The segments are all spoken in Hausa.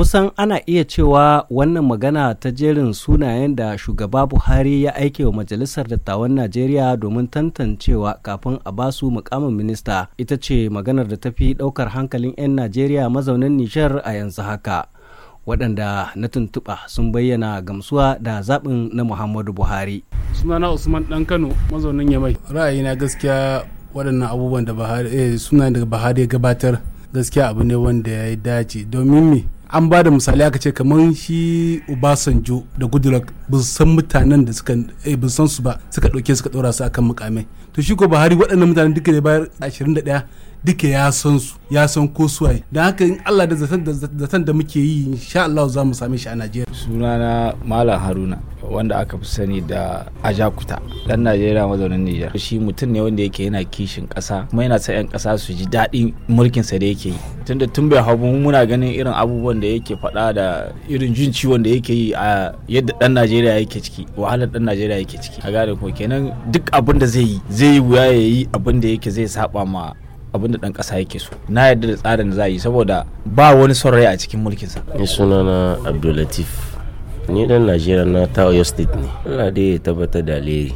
kusan ana iya cewa wannan magana ta jerin sunayen da shugaba buhari ya aike wa majalisar dattawan najeriya domin tantancewa kafin a basu mukamin minista ita ce maganar da ta fi daukar hankalin 'yan najeriya mazaunin nishar a yanzu haka waɗanda na tuntuɓa sun bayyana gamsuwa da zaɓin na muhammadu buhari sunana usman ɗan kano mazaunin yamai ra'ayina gaskiya waɗannan abubuwan da buhari eh, suna da buhari gabatar gaskiya abu ne wanda ya dace domin me an ba da misali aka ce kamar shi obasanjo da goodluck ba san mutanen da suka eh, ba san su ba suka ɗauke suka ɗora su akan mukamai to shi ko buhari waɗannan mutanen duka ne bayar 21 duka ya san su ya san ko suwaye don haka in allah da zatan da muke yi insha allah za mu same shi a najeriya sunana malam haruna wanda aka fi sani da ajakuta dan najeriya mazaunin nijar shi mutum ne wanda yake yana kishin kasa kuma yana sa 'yan kasa su ji daɗin mulkin sa da yake yi tunda tun bai hau muna ganin irin abubuwan da yake faɗa da irin jin ciwon da yake yi a yadda dan najeriya yake ciki wahalar dan najeriya yake ciki a gane ko kenan duk abin da zai yi zai yi wuya ya yi abin da yake zai saba ma abin da dan kasa yake so na yarda da tsarin da za yi saboda ba wani son rai a cikin mulkinsa ni sunana abdulatif ni dan najeriya na ta oyo state ne allah dai ya tabbatar da alheri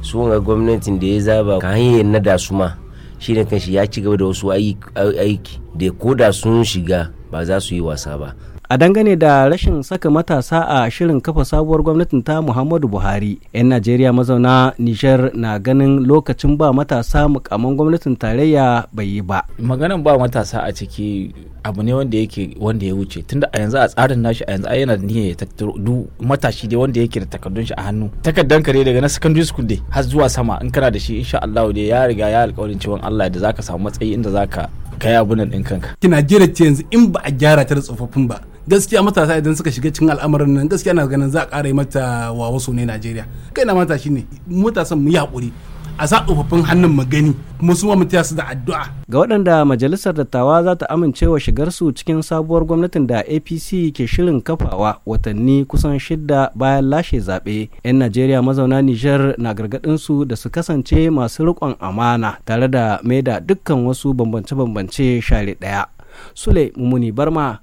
su ga gwamnatin da ya zaba ka hanyar na da su ma shi ne kanshi ya ci gaba da wasu aiki da ko da sun shiga ba za su yi wasa ba A dangane da rashin saka matasa a shirin kafa sabuwar gwamnatin ta Muhammadu Buhari, 'yan Najeriya mazauna Nijar na ganin lokacin ba matasa mukamman gwamnatin tarayya bai yi ba. Maganan ba matasa a ciki abu ne wanda yake wanda ya wuce tunda a yanzu a tsarin nashi a yanzu a yana da ya tattaro matashi dai wanda yake da takardun shi a hannu takardan kare daga na secondary school dai har zuwa sama in kana da shi insha Allah dai ya riga ya alƙawarin cewa Allah da zaka samu matsayi inda zaka kai abunan din kanka. kina jira ce yanzu in ba a gyara ta da tsofaffin ba gaskiya matasa idan suka shiga cikin al'amarin nan gaskiya na ganin za a ƙara mata wa wasu ne Najeriya kai na mata ne matasan mu yi hakuri a sa tsofaffin hannun magani kuma su mu su da addu'a ga waɗanda majalisar dattawa za ta amincewa shigarsu cikin sabuwar gwamnatin da APC ke shirin kafawa watanni kusan shidda bayan lashe zaɓe 'yan Najeriya mazauna Nijar na gargaɗin su da su kasance masu riƙon amana tare da maida dukkan wasu bambance-bambance share ɗaya Sule Mumuni Barma